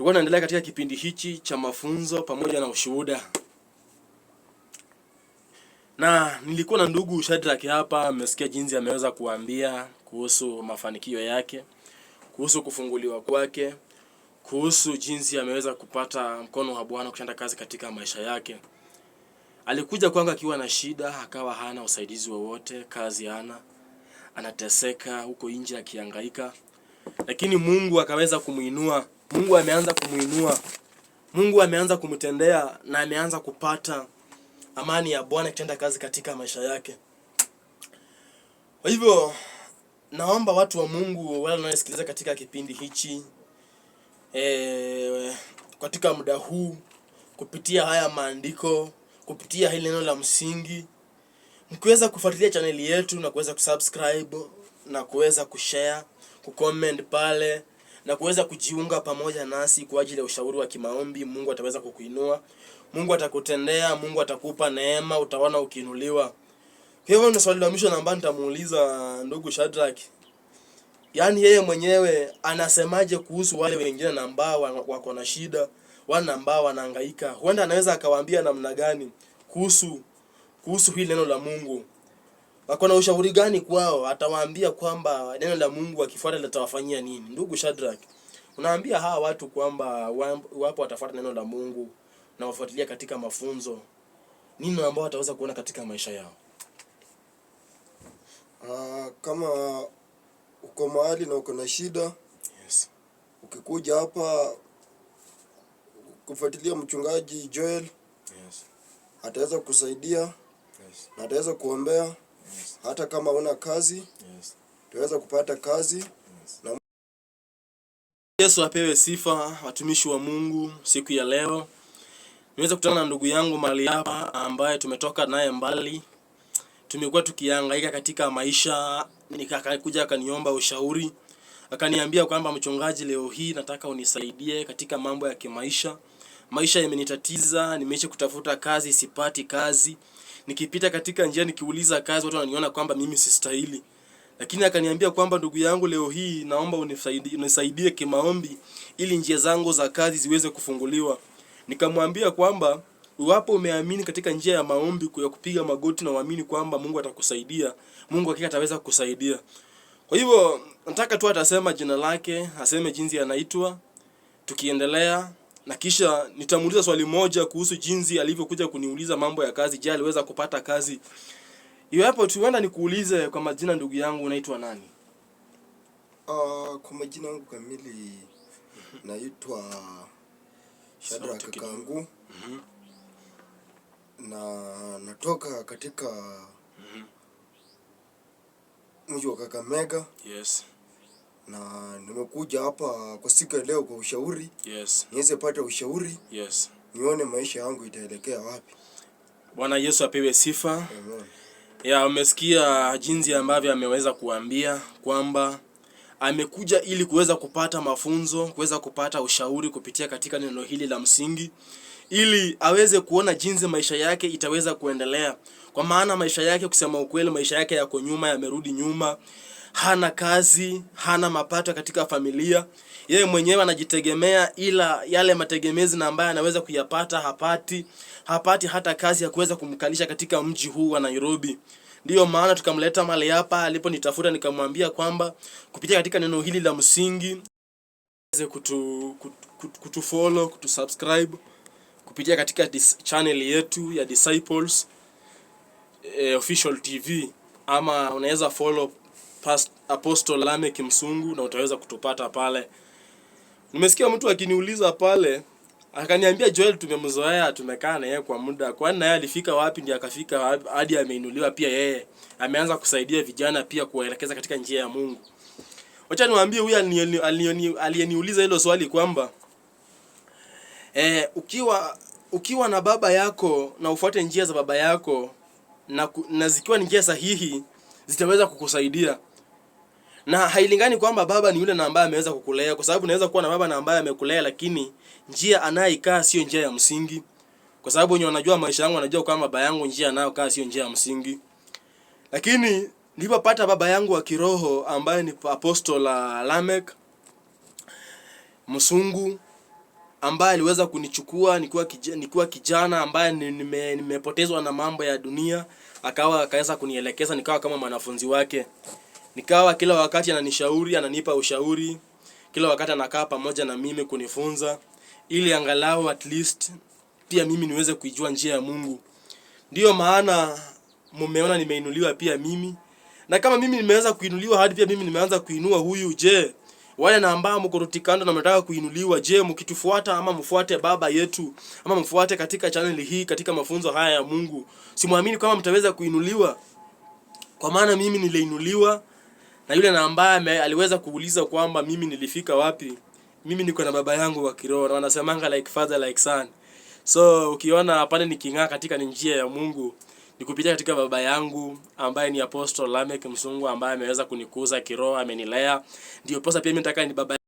Tulikuwa tunaendelea katika kipindi hichi cha mafunzo pamoja na ushuhuda, na nilikuwa na ndugu Shadrack hapa. Amesikia jinsi ameweza kuambia kuhusu mafanikio yake, kuhusu kufunguliwa kwake, kuhusu jinsi ameweza kupata mkono wa Bwana kutenda kazi katika maisha yake. Alikuja kwangu akiwa na shida, akawa hana usaidizi wowote, kazi hana, anateseka huko nje akihangaika, lakini Mungu akaweza kumuinua Mungu ameanza kumuinua, Mungu ameanza kumtendea na ameanza kupata amani ya Bwana ikitenda kazi katika maisha yake. Kwa hivyo naomba watu wa Mungu wale wanaosikiliza katika kipindi hichi e, katika muda huu kupitia haya maandiko, kupitia hili neno la msingi, mkiweza kufuatilia chaneli yetu na kuweza kusubscribe na kuweza kushare, kucomment pale na kuweza kujiunga pamoja nasi kwa ajili ya ushauri wa kimaombi, Mungu ataweza kukuinua, Mungu atakutendea, Mungu atakupa neema, utaona ukiinuliwa. Kwa hivyo ni swali la mwisho ambalo nitamuuliza ndugu Shadrack, yaani yeye mwenyewe anasemaje kuhusu wale wengine na ambao wako na shida, wale ambao wanahangaika, huenda anaweza akawaambia namna gani kuhusu kuhusu hili neno la Mungu wako na ushauri gani kwao? Atawaambia kwamba neno la Mungu akifuata litawafanyia nini? Ndugu Shadrach, unaambia hawa watu kwamba wapo watafuata neno la Mungu na wafuatilia katika mafunzo, nini ambao wataweza kuona katika maisha yao? Uh, kama uko mahali na uko na shida yes. Ukikuja hapa kufuatilia mchungaji Joel yes. Ataweza kukusaidia yes. Na ataweza kuombea yes. Hata kama una kazi yes. Tunaweza kupata kazi yes. Na... Yesu apewe sifa. Watumishi wa Mungu, siku ya leo niweza kutana na ndugu yangu mahali hapa ambaye tumetoka naye mbali, tumekuwa tukihangaika katika maisha. Nikakuja akaniomba ushauri, akaniambia kwamba mchungaji, leo hii nataka unisaidie katika mambo ya kimaisha. Maisha yamenitatiza, nimeishi kutafuta kazi, sipati kazi nikipita katika njia nikiuliza kazi, watu wananiona kwamba mimi sistahili. Lakini akaniambia kwamba ndugu yangu, leo hii naomba unisaidie, unisaidie kimaombi ili njia zangu za kazi ziweze kufunguliwa. Nikamwambia kwamba iwapo umeamini katika njia ya maombi ya kupiga magoti na uamini kwamba Mungu atakusaidia, Mungu hakika ataweza kukusaidia. Kwa hivyo nataka tu atasema jina lake, aseme jinsi anaitwa, tukiendelea na kisha nitamuuliza swali moja kuhusu jinsi alivyokuja kuniuliza mambo ya kazi. Je, aliweza kupata kazi? Iwapo tuenda nikuulize kwa majina, ndugu yangu, unaitwa nani? Uh, kwa majina yangu kamili naitwa Shadrack Kangu mm -hmm. na natoka katika mhm. mji mm -hmm. wa Kakamega. Yes na nimekuja hapa kwa siku ya leo kwa ushauri yes. niweze pata ushauri yes. nione maisha yangu itaelekea wapi. Bwana Yesu apewe sifa Amen. Ya, umesikia jinsi ambavyo ameweza kuambia kwamba amekuja ili kuweza kupata mafunzo, kuweza kupata ushauri kupitia katika neno hili la msingi, ili aweze kuona jinsi maisha yake itaweza kuendelea, kwa maana maisha yake, kusema ukweli, maisha yake yako nyuma, yamerudi nyuma hana kazi, hana mapato katika familia, yeye mwenyewe anajitegemea, ila yale mategemezi na ambayo anaweza kuyapata hapati, hapati hata kazi ya kuweza kumkalisha katika mji huu wa Nairobi. Ndiyo maana tukamleta mali hapa, aliponitafuta nikamwambia kwamba kupitia katika neno hili la msingi kutu, kutu, kutu subscribe kupitia katika channel yetu ya Disciples eh, Official TV ama unaweza follow Apostle Lameck Msungu, na utaweza kutupata pale. Nimesikia mtu akiniuliza pale akaniambia, Joel, tumemzoea tumekaa na yeye kwa muda, kwani naye alifika wapi? Ndiye akafika hadi ameinuliwa pia, yeye ameanza kusaidia vijana pia kuwaelekeza katika njia ya Mungu. Wacha niwaambie huyu aliyeniuliza hilo swali kwamba eh, ukiwa ukiwa na baba yako na ufuate njia za baba yako na, na zikiwa njia sahihi zitaweza kukusaidia na hailingani kwamba baba ni yule na ambaye ameweza kukulea, kwa sababu naweza kuwa na baba na ambaye amekulea, lakini njia anayekaa sio njia ya msingi, kwa sababu wenye wanajua maisha yangu wanajua kwamba baba yangu njia anayokaa sio njia ya msingi. Lakini nilipopata baba yangu wa kiroho ambaye ni apostola Lamek msungu ambaye aliweza kunichukua nikiwa kijana, nikiwa kijana ambaye nime, nimepotezwa na mambo ya dunia, akawa akaweza kunielekeza nikawa kama mwanafunzi wake. Nikawa kila wakati ananishauri, ananipa ushauri, kila wakati anakaa pamoja na mimi kunifunza ili angalau at least pia mimi niweze kuijua njia ya Mungu. Ndiyo maana mumeona nimeinuliwa pia mimi. Na kama mimi nimeweza kuinuliwa hadi pia mimi nimeanza kuinua huyu, je, wale na ambao mko rutikando na mnataka kuinuliwa, je, mkitufuata ama mfuate baba yetu ama mfuate katika channel hii katika mafunzo haya ya Mungu, simwamini kama mtaweza kuinuliwa, kwa maana mimi niliinuliwa na yule na ambaye aliweza kuuliza kwamba mimi nilifika wapi, mimi niko na baba yangu wa kiroho, na wanasemanga like father like son. So ukiona pale niking'aa katika njia ya Mungu ni kupitia katika baba yangu ambaye ni Apostle Lamek Msungu ambaye ameweza kunikuza kiroho, amenilea. Ndio posa pia mimi nataka ni baba